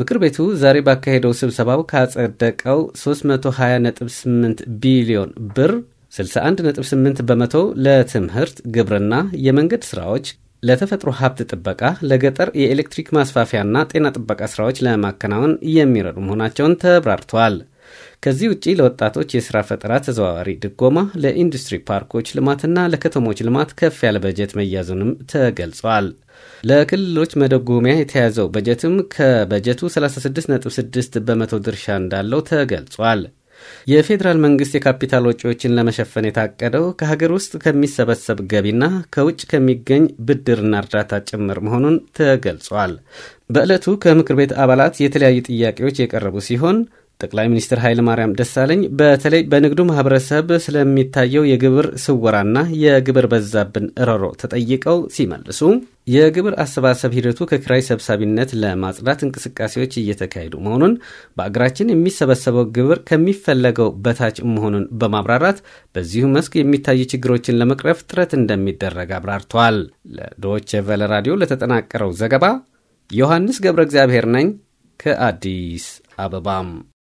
ምክር ቤቱ ዛሬ ባካሄደው ስብሰባው ካጸደቀው 320.8 ቢሊዮን ብር 61.8 በመቶ ለትምህርት፣ ግብርና፣ የመንገድ ስራዎች፣ ለተፈጥሮ ሀብት ጥበቃ፣ ለገጠር የኤሌክትሪክ ማስፋፊያና ጤና ጥበቃ ስራዎች ለማከናወን የሚረዱ መሆናቸውን ተብራርተዋል። ከዚህ ውጪ ለወጣቶች የስራ ፈጠራ ተዘዋዋሪ ድጎማ፣ ለኢንዱስትሪ ፓርኮች ልማትና ለከተሞች ልማት ከፍ ያለ በጀት መያዙንም ተገልጿል። ለክልሎች መደጎሚያ የተያዘው በጀትም ከበጀቱ 36.6 በመቶ ድርሻ እንዳለው ተገልጿል። የፌዴራል መንግስት የካፒታል ወጪዎችን ለመሸፈን የታቀደው ከሀገር ውስጥ ከሚሰበሰብ ገቢና ከውጭ ከሚገኝ ብድርና እርዳታ ጭምር መሆኑን ተገልጿል። በዕለቱ ከምክር ቤት አባላት የተለያዩ ጥያቄዎች የቀረቡ ሲሆን ጠቅላይ ሚኒስትር ኃይለ ማርያም ደሳለኝ በተለይ በንግዱ ማህበረሰብ ስለሚታየው የግብር ስወራና የግብር በዛብን እረሮ ተጠይቀው ሲመልሱ የግብር አሰባሰብ ሂደቱ ከክራይ ሰብሳቢነት ለማጽዳት እንቅስቃሴዎች እየተካሄዱ መሆኑን፣ በአገራችን የሚሰበሰበው ግብር ከሚፈለገው በታች መሆኑን በማብራራት በዚሁ መስክ የሚታዩ ችግሮችን ለመቅረፍ ጥረት እንደሚደረግ አብራርተዋል። ለዶቼ ቨለ ራዲዮ ለተጠናቀረው ዘገባ ዮሐንስ ገብረ እግዚአብሔር ነኝ ከአዲስ አበባም